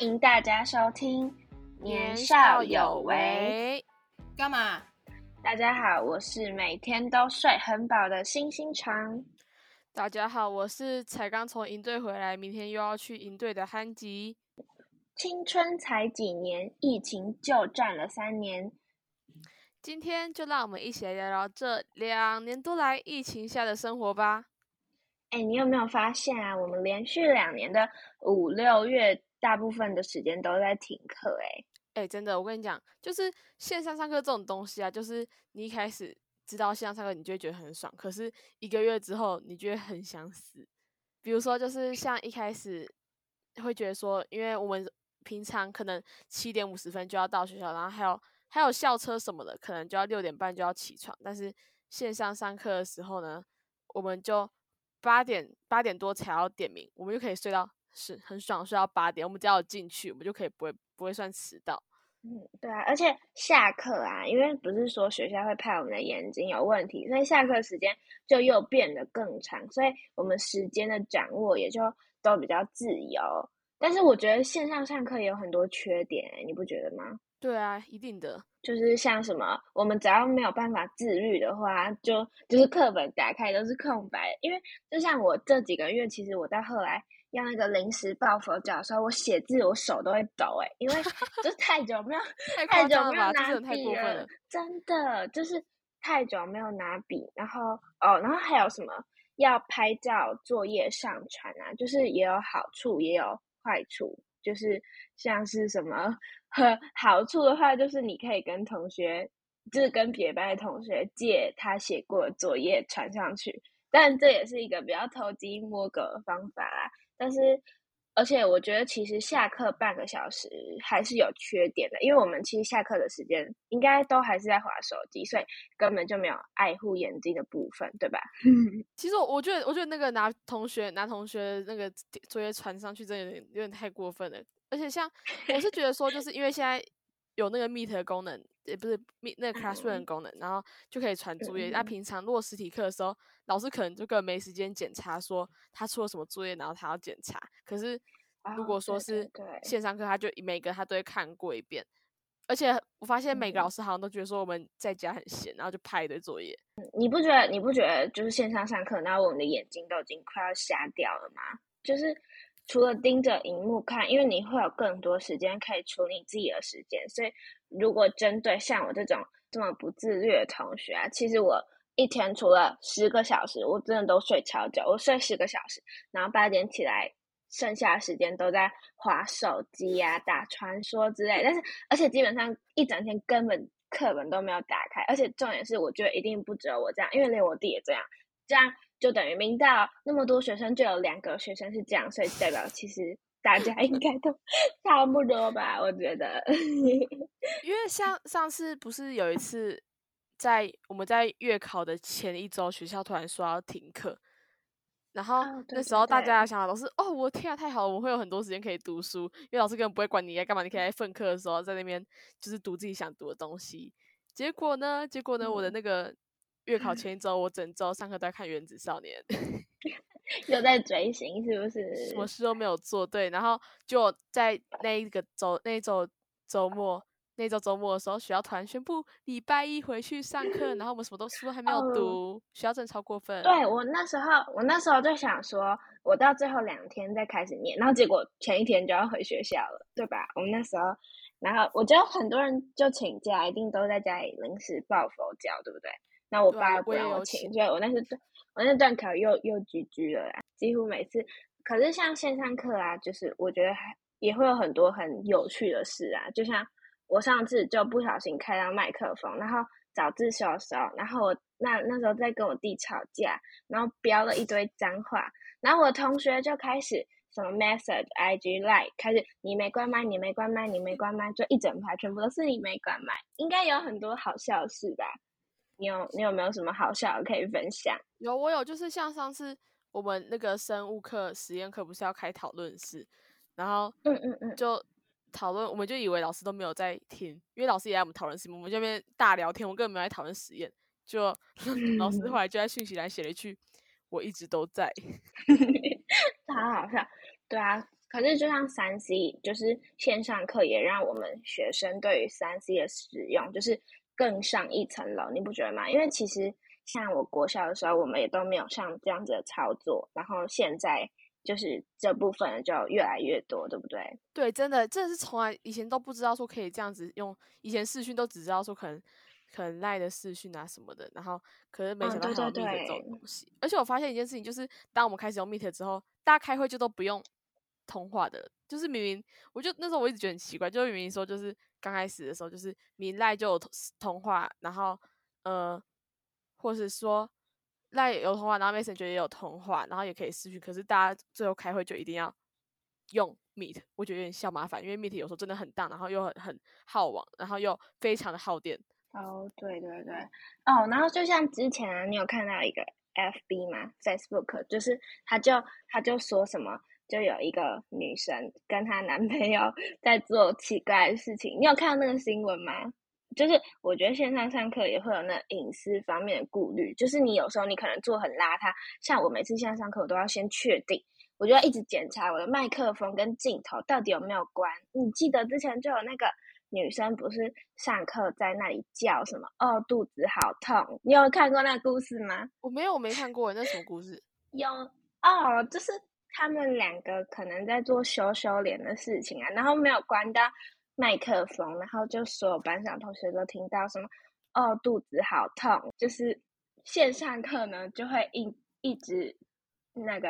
歡迎大家收聽《年少有為》。幹嘛？大家好，我是每天都睡很飽的鑫鑫腸。大家好，我是才剛從營隊回來，明天又要去營隊的憨吉。青春才幾年，疫情就佔了三年。今天就讓我們一起來聊聊這兩年多來疫情下的生活吧。哎，你有沒有發現啊？我們連續兩年的五六月，大部分的時間都在停課，欸，誒。誒，真的，我跟你講，就是線上上課這種東西啊，就是你一開始知道線上上課，你就會覺得很爽，可是一個月之後，你就會很想死。比如說，就是像一開始會覺得說，因為我們平常可能七點五十分就要到學校，然後還有還有校車什麼的，可能就要六點半就要起床，但是線上上課的時候呢，我們就八點八點多才要點名，我們就可以睡到。是很爽，睡到八點，我們只要進去，我們就可以不會不會算遲到。嗯，對啊，而且下課啊，因為不是說學校會怕我們的眼睛有問題，所以下課時間就又變得更長，所以我們時間的掌握也就都比較自由。但是我覺得線上上課也有很多缺點欸，你不覺得嗎？對啊，一定的，就是像什麼，我們只要沒有辦法自律的話，就就是課本打開都是空白。因為就像我這幾個月，其實我到後來。要那個臨時抱佛腳，所以我寫字我手都會抖誒、欸、因為就是太久沒有 太，太久沒有拿筆了。了真的就是太久沒有拿筆，然後哦，然後還有什麼要拍照作業上傳啊，就是也有好處也有壞處，就是像是什麼呵好處的話，就是你可以跟同學，就是跟別的班的同學借他寫過的作業傳上去，但這也是一個比較偷雞摸狗的方法啊。但是，而且我覺得其實下課半個小時還是有缺點的，因為我們其實下課的時間應該都還是在滑手機，所以根本就沒有愛護眼睛的部分，對吧？其實我我覺得，我覺得那個拿同學拿同學那個作業傳上去，真的有點有點太過分了。而且像我是覺得說，就是因為現在有那個 Meet 的功能。也、欸、不是那個、classroom 的功能，嗯、然後就可以傳作業。那、嗯、平常如果實體課的時候，嗯、老師可能就更沒時間檢查，說他出了什麼作業，然後他要檢查。可是如果說是線上課，他就每個他都會看過一遍。哦、對對對而且我發現每個老師好像都覺得說我們在家很閒，嗯、然後就拍一堆作業。你不覺得？你不覺得就是線上上課，那我們的眼睛都已經快要瞎掉了嗎？就是除了盯着熒幕看，因為你會有更多時間可以處理自己的時間，所以。如果針對像我這種這麼不自律的同學啊，其實我一天除了十個小時，我真的都睡超久，我睡十個小時，然後八點起來，剩下的時間都在滑手機呀、啊、打傳說之類。但是，而且基本上一整天根本課本都沒有打開。而且重點是，我覺得一定不只有我這樣，因為連我弟也這樣。這樣就等於明道那麼多學生，就有兩個學生是這樣，所以代表其實。大家應該都差不多吧，我覺得。 因為像上次不是有一次在，在我們在月考的前一周，學校突然說要停課，然後那時候大家的想法都是：哦，對對對哦，我天啊，太好了，我會有很多時間可以讀書，因為老師根本不會管你在幹嘛，你可以在分課的時候在那邊就是讀自己想讀的東西。結果呢？結果呢？我的那個。嗯月考前一周，我整週上課都在看《原子少年》， 又在追星，是不是？什麼事都沒有做，對。然後就在那一個周那周周末那周周末的時候，學校突然宣布禮拜一回去上課，然後我們什麼都書還沒有讀， 嗯、學校真的超過分。對，我那時候，我那時候就想說，我到最後兩天再開始念，然後結果前一天就要回學校了，對吧？我們那時候，然後我覺得很多人就請假，一定都在家裡臨時抱佛腳，對不對？那我爸不讓我請，所以我那段，我那段考又又 GG 了啦，幾乎每次。可是像線上課啊，就是我覺得還也會有很多很有趣的事啊。就像我上次就不小心開到麥克風，然後早自修的時候，然後我那那時候在跟我弟吵架，然後飆了一堆髒話，然後我同學就開始什麼 message、IG、LINE，開始你沒關麥，你沒關麥，你沒關麥，就一整排全部都是你沒關麥，應該有很多好笑的事吧。你有你有沒有什麼好笑的可以分享？有，我有，就是像上次我們那個生物課實驗課，不是要開討論室，然後嗯嗯嗯，就討論，我們就以為老師都沒有在聽，因為老師也在我們討論室，我們這邊大聊天，我根本沒有在討論實驗。就 老師後來就在訊息欄寫了一句：“我一直都在。” 好好笑。對啊，可是就像三 C，就是線上課也讓我們學生對於三 C 的使用，就是。更上一層樓，你不覺得嗎？因為其實像我國校的時候，我們也都沒有像這樣子的操作，然後現在就是這部分就越來越多，對不對？對，真的，真的是從來以前都不知道說可以這樣子用，以前視訊都只知道說可能可能賴的視訊啊什麼的，然後可是沒想到還有 Meet 這種東西。嗯、對對對，而且我發現一件事情，就是當我們開始用 Meet 之後，大家開會就都不用通話的，就是明明，我就那時候我一直覺得很奇怪，就是明明說就是。剛開始的時候就是你賴就有通話，然後呃，或是說賴也有通話，然後 Mason 覺得也有通話，然後也可以視訊。可是大家最後開會就一定要用 Meet，我覺得有點小麻煩，因為 Meet 有時候真的很當，然後又很很耗網，然後又非常的耗電。哦，oh, 對對對，哦、oh,，然後就像之前、啊、你有看到一個 FB 嗎？Facebook 就是他就他就說什麼。就有一個女生跟她男朋友在做奇怪的事情，你有看到那個新聞嗎？就是我覺得線上上課也會有那隱私方面的顧慮，就是你有時候你可能做很邋遢，像我每次線上上課，我都要先確定，我就要一直檢查我的麥克風跟鏡頭到底有沒有關。你記得之前就有那個女生不是上課在那裡叫什麼哦，肚子好痛，你有看過那個故事嗎？我沒有，我沒看過，那什麼故事？有啊，哦，就是。他們兩個可能在做羞羞臉的事情啊，然後沒有關到麥克風，然後就所有班上同學都聽到什麼哦，肚子好痛。就是線上課呢，就會一一直那個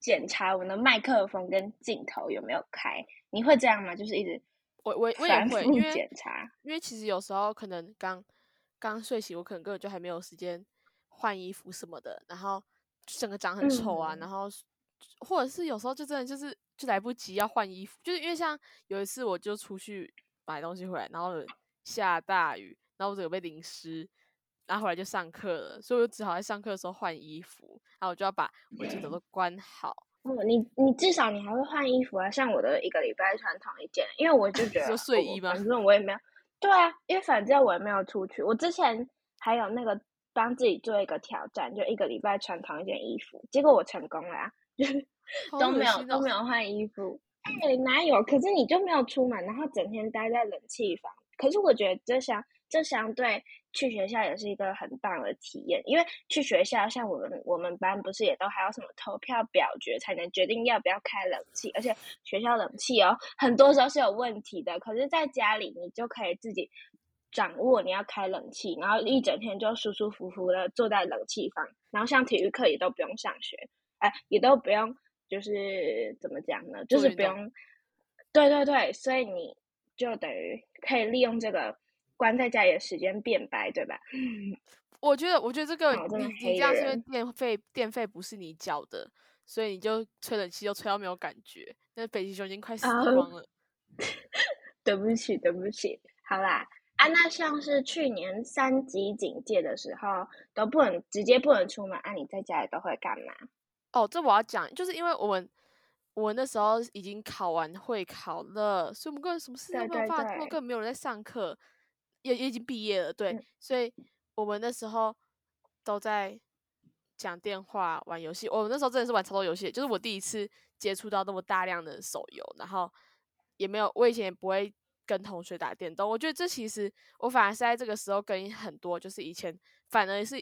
檢查我們的麥克風跟鏡頭有沒有開。你會這樣嗎？就是一直我我我也會檢查，因為其實有時候可能剛剛睡醒，我可能根本就還沒有時間換衣服什麼的，然後整個長很醜啊，嗯、然後。或者是有時候就真的就是就來不及要換衣服，就是因為像有一次我就出去買東西回來，然後下大雨，然後我整個被淋濕，然後回來就上課了，所以我只好在上課的時候換衣服，然後我就要把我衣服都關好。嗯、yeah. 哦，你你至少你還會換衣服啊，像我的一個禮拜穿同一件，因為我就覺得 你說睡衣嗎？反正我也沒有。對啊，因為反正我也沒有出去。我之前還有那個幫自己做一個挑戰，就一個禮拜穿同一件衣服，結果我成功了呀、啊。 都沒有都沒有換衣服，哎，哪有？可是你就沒有出門，然後整天待在冷氣房。可是我覺得這、這相這相對去學校也是一個很棒的體驗，因為去學校像我們我們班不是也都還有什麼投票表決才能決定要不要開冷氣，而且學校冷氣哦很多時候是有問題的。可是，在家裡你就可以自己掌握你要開冷氣，然後一整天就舒舒服服的坐在冷氣房，然後像體育課也都不用上學。哎，也都不用，就是怎麼講呢？就是不用，對，的對對對，所以你就等於可以利用這個關在家裡的時間變白，對吧？我覺得，我覺得這個你你這樣，因為、哦、電費電費不是你繳的，所以你就吹冷氣，就吹到沒有感覺。那北極熊已經快死光了。Oh. 對不起，對不起，好啦，啊，那像是去年三級警戒的時候，都不能直接不能出門，啊，你在家裡都會幹嘛？哦，這我要講，就是因為我們我們那時候已經考完會考了，所以我們根本什麼事都沒有發生，根本沒有人在上課，也也已經畢業了，對，所以我們那時候都在講電話、玩遊戲。我那時候真的是玩超多遊戲，就是我第一次接觸到那麼大量的手遊，然後也沒有，我以前也不會跟同學打電動。我覺得這其實我反而是在這個時候跟很多，就是以前反而是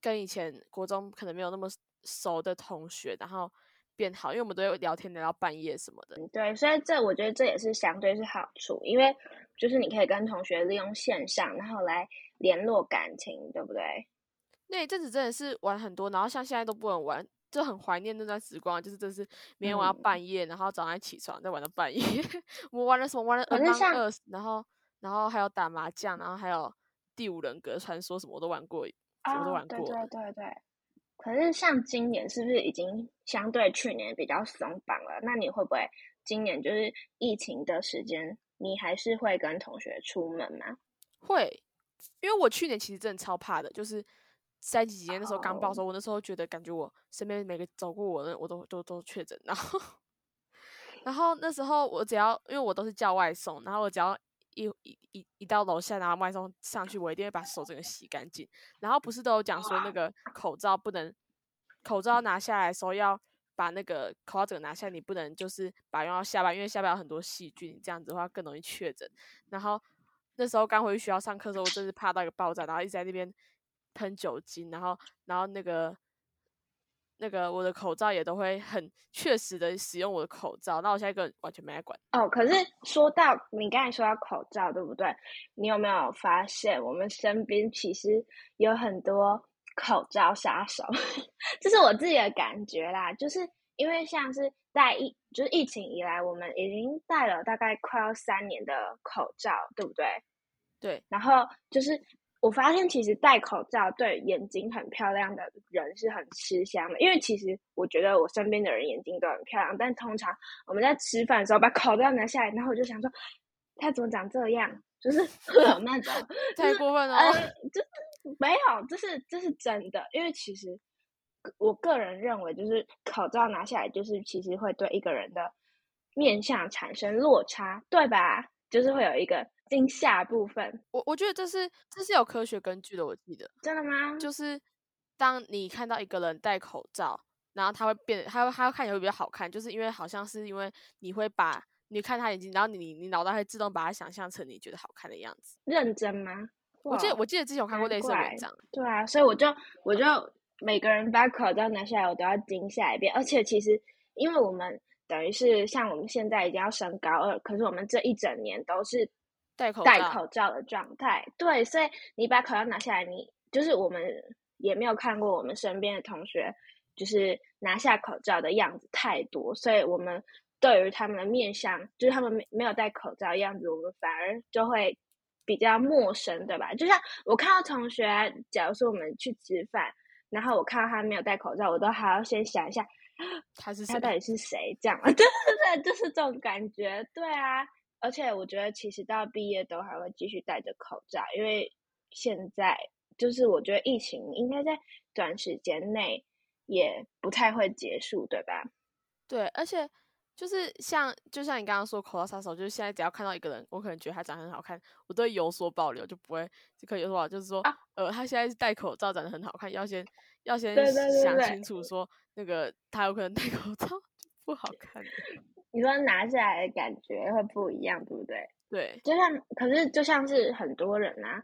跟以前國中可能沒有那麼。熟的同學，然後變好，因為我們都有聊天聊到半夜什麼的。對，所以這我覺得這也是相對是好處，因為就是你可以跟同學利用線上，然後來聯絡感情，對不對？那陣子真的是玩很多，然後像現在都不能玩，就很懷念那段時光。就是真是每天玩到半夜，嗯、然後早上起床再玩到半夜。 我們玩了什麼？玩了 Among Us 然後然後還有打麻將，然後還有第五人格傳說什麼，我都玩過，哦、我都玩過。對，對對對。可是像今年是不是已經相對去年比較鬆綁了？那你會不會今年就是疫情的時間，你還是會跟同學出門嗎？會，因為我去年其實真的超怕的，就是在幾幾年那時候剛爆的時候，Oh. 我那時候覺得感覺我身邊每個走過我的我都我都我都，我都確診，然後然後那時候我只要因為我都是叫外送，然後我只要。一一一，一到樓下，然後外送上去，我一定會把手整個洗乾淨。然後不是都有講說那個口罩不能，口罩拿下來的時候要把那個口罩整個拿下，你不能就是把用到下巴，因為下巴有很多細菌，這樣子的話更容易確診。然後那時候剛回去學校上課的時候，我真的是怕到一個爆炸，然後一直在那邊噴酒精，然後然後那個。那個我的口罩也都會很確實的使用我的口罩，那我現在個人完全沒來管哦。Oh, 可是說到你剛才說到口罩，對不對？你有沒有發現我們身邊其實有很多口罩殺手？ 這是我自己的感覺啦，就是因為像是在疫，就是疫情以來，我們已經戴了大概快要三年的口罩，對不對？對，然後就是。我發現其實戴口罩對眼睛很漂亮的人是很吃香的，因為其實我覺得我身邊的人眼睛都很漂亮，但通常我們在吃飯的時候把口罩拿下來，然後我就想說，他怎麼長這樣？就是很那種太過分了，是哎、就是沒有，這是這是真的，因為其實我個人認為，就是口罩拿下來，就是其實會對一個人的面相產生落差，對吧？就是會有一個。驚嚇部分，我我覺得這是這是有科學根據的。我記得。真的嗎？就是當你看到一個人戴口罩，然後他會變，他會他會看起來會比較好看，就是因為好像是因為你會把你看他眼睛，然後你你，你腦袋會自動把它想象成你覺得好看的樣子。認真嗎？我記得我記得之前我看過類似的文章，對啊，所以我就我就每個人把口罩拿下來，我都要驚嚇一遍。而且其實因為我們等於是像我們現在已經要升高二，可是我們這一整年都是。戴口罩，戴口罩的狀態，對，所以你把口罩拿下來，你就是我們也沒有看過我們身邊的同學就是拿下口罩的樣子太多，所以我們對於他們的面相，就是他們沒有戴口罩的樣子，我們反而就會比較陌生，對吧？就像我看到同學啊，假如說我們去吃飯，然後我看到他沒有戴口罩，我都還要先想一下他是他到底是誰，這樣，對、對、對、對、對，就是這種感覺，對啊。而且我覺得，其實到畢業都還會繼續戴着口罩，因為現在就是我覺得疫情應該在短時間內也不太會結束，對吧？對，而且就是像，就像你剛剛說的口罩殺手，就是現在只要看到一個人，我可能覺得他長得很好看，我都有所保留，就不會，就可以說，就是說、啊、呃，他現在戴口罩長得很好看，要先要先想清楚說，對對對對，那個他有可能戴口罩不好看。你說拿下來的感覺會不一樣，對不對？對，就像可是就像是很多人啊，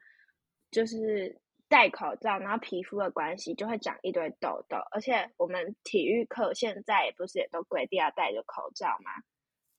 就是戴口罩，然後皮膚的關係就會長一堆痘痘。而且我們體育課現在不是也都規定要戴着口罩嘛，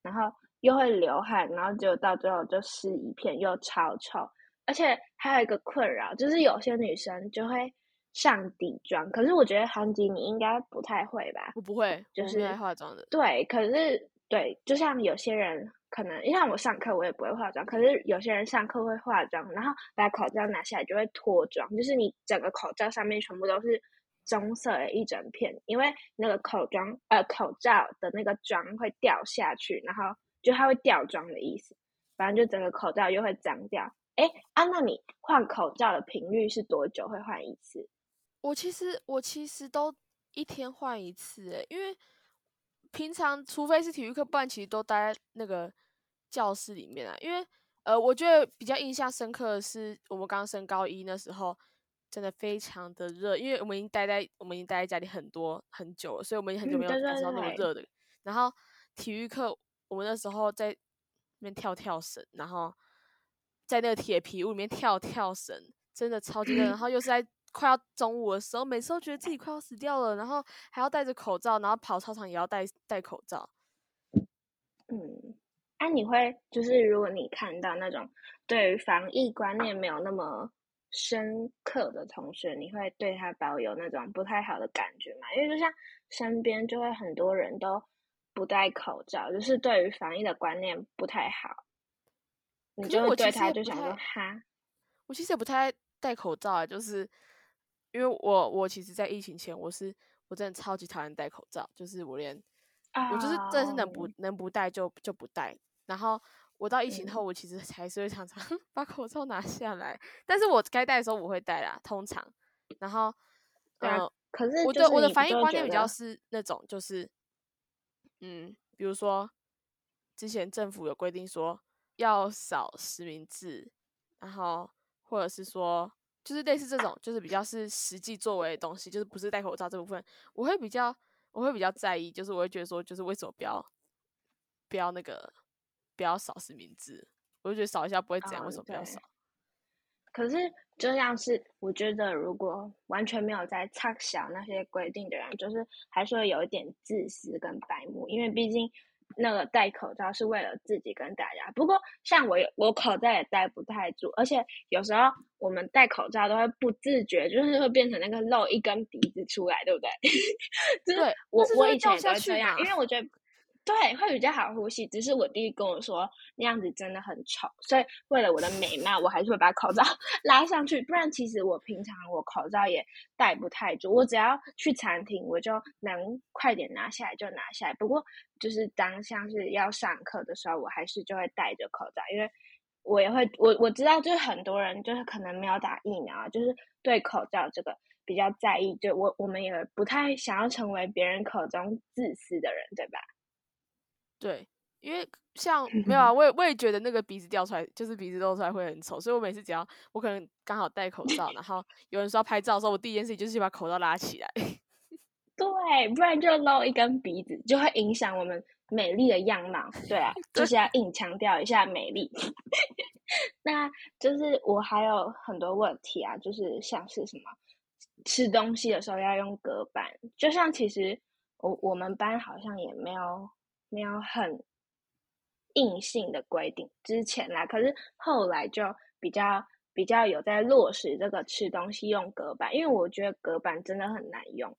然後又會流汗，然後就到最後就濕一片，又超臭。而且還有一個困擾就是，有些女生就會上底妝，可是我覺得憨吉你應該不太會吧？我不會，就是，是化妝的。對，可是。對，就像有些人可能，因為像我上課我也不會化妝，可是有些人上課會化妝，然後把口罩拿下來就會脫妝，就是你整個口罩上面全部都是棕色的一整片，因為那個口罩，呃，口罩的那個妝會掉下去，然後就它會掉妝的意思，反正就整個口罩又會髒掉。誒，啊，那你換口罩的頻率是多久會換一次？我其實我其實都一天換一次，因為。平常除非是體育課，不然其實都待在那個教室裡面啊。因為呃，我覺得比較印象深刻的是，我們剛升高一那時候，真的非常的熱，因為我們已經待在我們已經待在家裡很多很久了，所以我們已經很久沒有感受到那麼熱的。嗯、然後體育課我們那時候在，那邊跳跳繩，然後在那個鐵皮屋裡面跳跳繩，真的超級熱。嗯、然後又是在快要中午的時候，每次都覺得自己快要死掉了，然後還要戴着口罩，然後跑操場也要戴戴口罩。嗯，那、啊、你會就是如果你看到那種對於防疫觀念沒有那麼深刻的同學，啊、你會對他抱有那種不太好的感覺嗎？因為就像身邊就會很多人都不戴口罩，就是對於防疫的觀念不太好。你就會對他就他想說哈，我其實也不太，哈，也不太戴口罩，啊，就是。因為我我其實，在疫情前，我是我真的超級討厭戴口罩，就是我連我就是真的是能不能不戴就就不戴。然後我到疫情後，嗯、我其實還是會常常把口罩拿下來，但是我該戴的時候我會戴啦，通常。然後，嗯、然後可是，是我的我的防疫觀念比較是那種，就是嗯，比如說之前政府有規定說要掃實名制，然後或者是說。就是類似這種，就是比較是實際作為的東西，就是不是戴口罩這部分，我會比較，我會比較在意，就是我會覺得說，就是為什麼不要，不要那個，不要掃實名字，我就覺得掃一下不會這樣，哦、為什麼不要掃？可是就像是，我覺得如果完全沒有在擦想那些規定的人，就是還是會有一點自私跟白目，因為畢竟。那個戴口罩是為了自己跟大家，不過像我，我口罩也戴不太住，而且有時候我們戴口罩都會不自覺，就是會變成那個露一根鼻子出來，對不對？對， 就是我我以前也都這樣，因為我覺得。對，會比較好呼吸。只是我弟弟跟我說，那樣子真的很醜，所以為了我的美貌，我還是會把口罩拉上去。不然，其實我平常我口罩也戴不太住。我只要去餐廳，我就能快點拿下來就拿下來。不過，就是當像是要上課的時候，我還是就會戴着口罩，因為我也會我我知道，就是很多人就是可能沒有打疫苗，就是對口罩這個比較在意。就我我們也不太想要成為別人口中自私的人，對吧？對，因為像沒有啊，我也我也覺得那個鼻子掉出來，就是鼻子露出來會很醜，所以我每次只要我可能剛好戴口罩，然後有人說要拍照的時候，我第一件事情就是去把口罩拉起來。對，不然就露一根鼻子，就會影響我們美麗的樣貌。對啊，對就是要硬強調一下美麗。 那就是我還有很多問題啊，就是像是什麼吃東西的時候要用隔板，就像其實我我們班好像也沒有。沒有很硬性的規定，之前啦、啊，可是後來就比較比較有在落實這個吃東西用隔板，因為我覺得隔板真的很難用，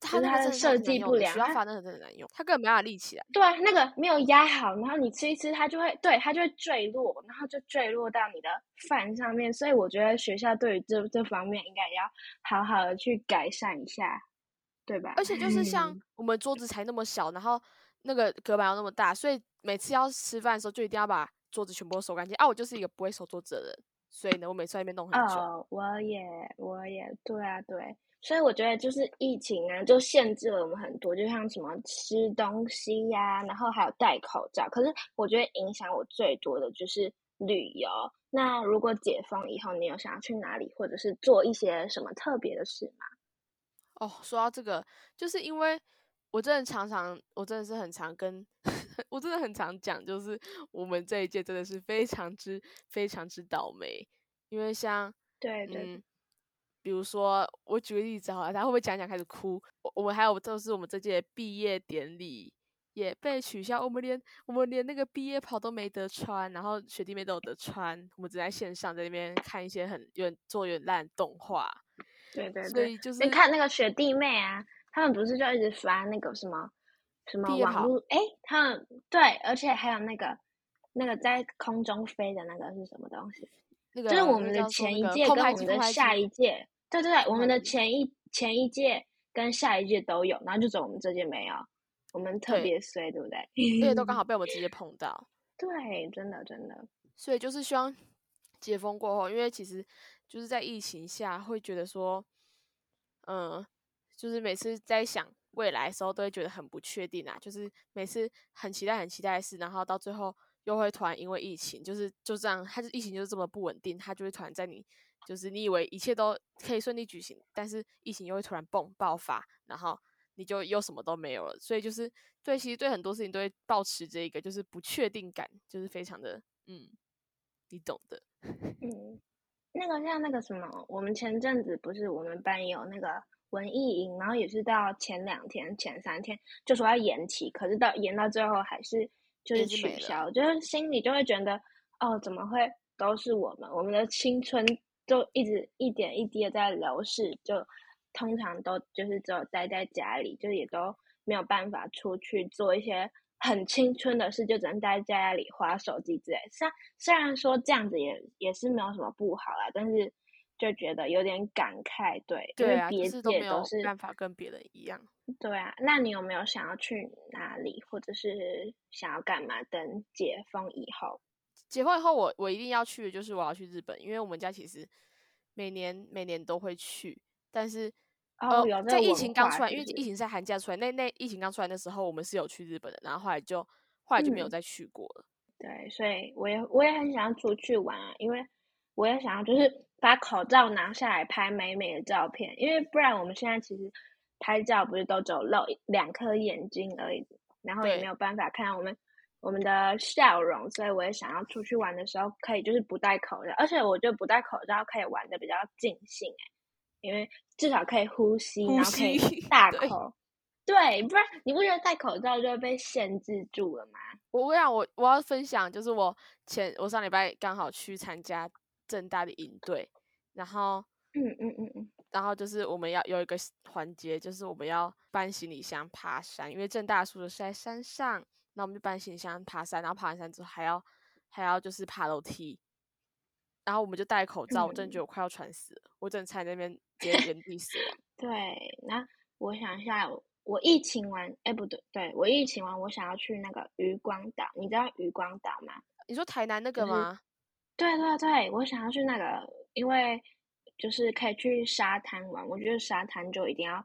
它那個就是它的設計不良，學校發那個真的難用，它，它根本沒辦法立起來，對、啊，那個沒有壓好，然後你吃一吃，它就會對，它就會墜落，然後就墜落到你的飯上面，所以我覺得學校對於這這方面應該要好好的去改善一下，對吧？而且就是像我們桌子才那麼小，嗯、然後。那個隔板要那麼大，所以每次要吃飯的時候，就一定要把桌子全部都收乾淨。啊，我就是一個不會收桌子的人，所以呢，我每次在那邊弄很久。Oh, 我也，我也，對啊，對。所以我覺得就是疫情啊，就限制了我們很多，就像什麼吃東西呀、啊，然後還有戴口罩。可是我覺得影響我最多的就是旅遊。那如果解封以後，你有想要去哪裡，或者是做一些什麼特別的事嗎？哦，oh, 說到這個，就是因為。我真的常常，我真的是很常跟，呵呵，我真的很常講，就是我們這一屆真的是非常之非常之倒霉。因為像對對、嗯，比如說我舉個例子好了，他會不會講一講開始哭？我，我們還有就是我們這屆的畢業典禮也被取消，我們連我們連那個畢業袍都沒得穿，然後學弟妹都有得穿，我們只在線上在那邊看一些很越做越爛的動畫，對對對，所以就是，你看那個學弟妹啊。他們不是就一直發那個什麼，什麼網絡哎、欸，他們對，而且還有那個，那個在空中飛的那個是什麼東西？那個就是我們的前一屆跟我們的下一屆，對對對，嗯、我們的前一前一屆跟下一屆都有，然後就只有我們這屆沒有，我們特別衰，對，對不對？對， 都剛好被我們直接碰到。對，真的真的。所以就是希望解封過後，因為其實就是在疫情下會覺得說，嗯。就是每次在想未來的時候，都會覺得很不確定啊。就是每次很期待、很期待的事，然後到最後又會突然因為疫情，就是就這樣，它就疫情就是這麼不穩定，它就會突然在你，就是你以為一切都可以順利舉行，但是疫情又會突然蹦爆發，然後你就又什麼都沒有了。所以就是對，其實對很多事情都會抱持這一個，就是不確定感，就是非常的，嗯，你懂的。嗯，那個像那個什麼，我們前陣子不是我們班有那個。文藝營，然後也是到前兩天、前三天就說要延期，可是到延到最後還是就是取消，就是心裡就會覺得，哦，怎麼會都是我們？我們的青春就一直一點一滴的在流逝，就通常都就是只有待在家裡，就也都沒有辦法出去做一些很青春的事，就只能待在家裡滑手機之類。雖然說這樣子也也是沒有什麼不好啦，但是。就覺得有點感慨，對，對啊，別的都都是，是都沒有辦法跟別人一樣。對啊，那你有沒有想要去哪裡，或者是想要幹嘛？等解封以後，解封以後我，我我一定要去的就是我要去日本，因為我們家其實每年每年都會去，但是哦，呃、有在疫情剛出來，其實因為疫情在寒假出來，那那疫情剛出來的時候，我們是有去日本的，然後後來就後來就沒有再去過了。嗯、對，所以我也我也很想要出去玩啊，因為我也想要就是。把口罩拿下來拍美美的照片，因為不然我們現在其實拍照不是都只露兩顆眼睛而已，然後也沒有辦法看到我們對我們的笑容，所以我也想要出去玩的時候可以就是不戴口罩，而且我覺得不戴口罩可以玩的比較盡興，因為至少可以呼吸，然後可以大口，對，對，不然你不覺得戴口罩就會被限制住了嗎？我跟你講，我想，我我要分享就是我前我上禮拜剛好去參加。正大的營隊，然後嗯嗯嗯，然後就是我們要有一個環節，就是我們要搬行李箱爬山，因為政大宿舍是在山上，那我們就搬行李箱爬山，然後爬完山之後還要還要就是爬樓梯，然後我們就戴口罩，我真覺得快要喘死了，我真在那邊直接原地死了。對，那我想一下，我疫情完，哎，不對，對，我疫情完，我想要去那個漁光島，你知道漁光島嗎？你說台南那個嗎？對對對，我想要去那個，因為就是可以去沙灘玩。我覺得沙灘就一定要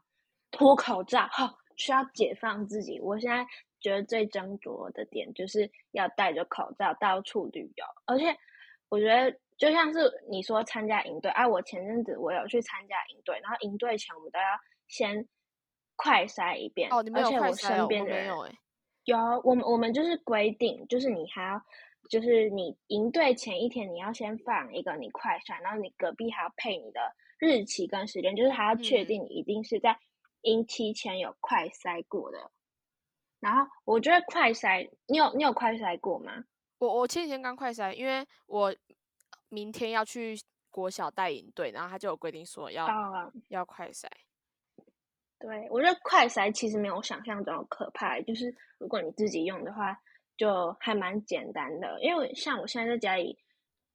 脫口罩，哈、哦，需要解放自己。我現在覺得最斟酌的點就是要戴着口罩到處旅遊，而且我覺得就像是你說參加營隊，哎、啊，我前陣子我有去參加營隊，然後營隊前我們都要先快篩一遍哦，你們有快篩嗎？而且我身邊的人，沒有、欸、有我們我們就是規定，就是你還要。就是你營隊前一天，你要先放一個你快篩，然後你隔壁還要配你的日期跟時間，就是他要確定你一定是在營期前有快篩過的。然後我覺得快篩，你有你有快篩過嗎？我我前幾天剛快篩，因為我明天要去國小帶營隊，然後他就有規定說要、哦啊、要快篩。對，我覺得快篩其實沒有想象中可怕，就是如果你自己用的話。就還蠻簡單的，因為像我現在在家裡，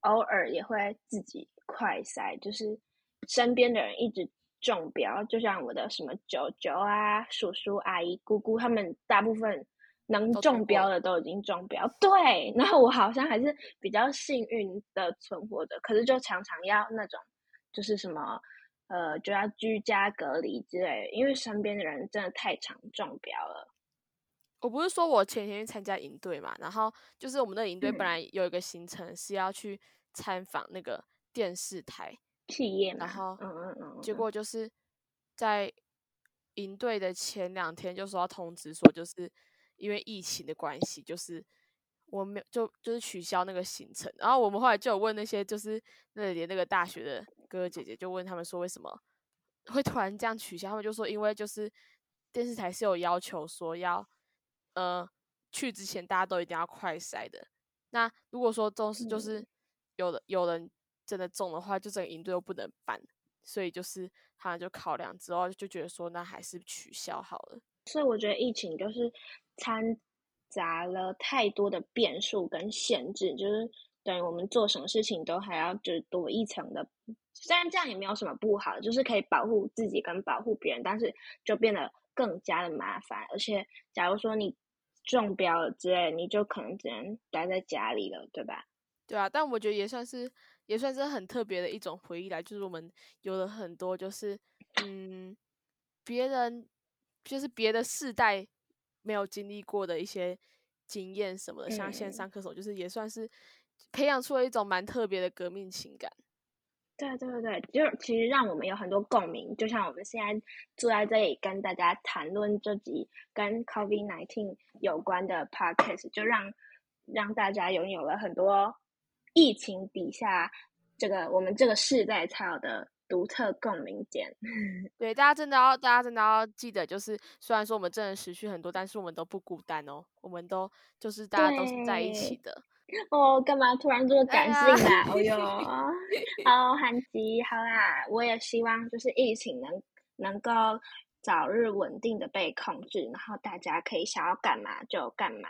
偶爾也會自己快篩，就是身邊的人一直中標，就像我的什麼舅舅啊、叔叔、阿姨、姑姑，他們大部分能中標的都已經中標。對，然後我好像還是比較幸運的存活的，可是就常常要那種，就是什麼呃，就要居家隔離之類的。因為身邊的人真的太常中標了。我不是說我前天去參加營隊嘛，然後就是我們的營隊本來有一個行程是要去參訪那個電視台，然後嗯嗯嗯，結果就是在營隊的前兩天就說要通知說，就是因為疫情的關係，就是我沒有就就是取消那個行程，然後我們後來就有問那些就是那裡的那個大學的哥哥姐姐，就問他們說為什麼會突然這樣取消，他們就說因為就是電視台是有要求說要。呃，去之前大家都一定要快篩的。那如果說中是就是有的，嗯、有人真的中的話，就整個營隊又不能辦，所以就是他們就考量之後就覺得說，那還是取消好了。所以我覺得疫情就是摻雜了太多的變數跟限制，就是等於我們做什麼事情都還要就是多一層的。雖然這樣也沒有什麼不好的，就是可以保護自己跟保護別人，但是就變得更加的麻煩。而且假如說你。中標了之類，你就可能只能待在家裡了，對吧？對啊，但我覺得也算是也算是很特別的一種回憶來，就是我們有了很多就是嗯，別人就是別的世代沒有經歷過的一些經驗什麼的，嗯、像線上課手就是也算是培養出了一種蠻特別的革命情感。對對對對，就其實讓我們有很多共鳴。就像我們現在坐在這裡跟大家談論這集跟 COVID-19 有關的 podcast，就讓讓大家擁有了很多疫情底下這個我們這個世代才有的獨特共鳴點。對，大家真的要，大家真的要記得，就是雖然說我們真的失去很多，但是我們都不孤單哦，我們都就是大家都是在一起的。哦，幹嘛突然這麼感性啊？哦、哎、呦，好憨吉，好啦，我也希望就是疫情能能夠早日穩定的被控制，然後大家可以想要幹嘛就幹嘛，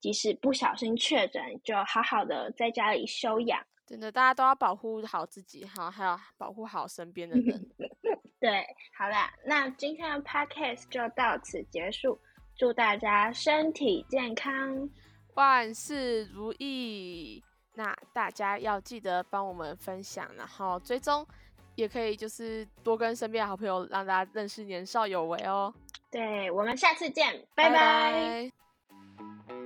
即使不小心確診，就好好的在家裡休養。真的，大家都要保護好自己，哈，還有保護好身邊的人。 對，好啦，那今天的 podcast 就到此結束，祝大家身體健康。萬事如意，那大家要記得幫我們分享，然後追蹤，也可以就是多跟身邊的好朋友，讓大家認識年少有為哦。對，我們下次見，拜拜。拜拜。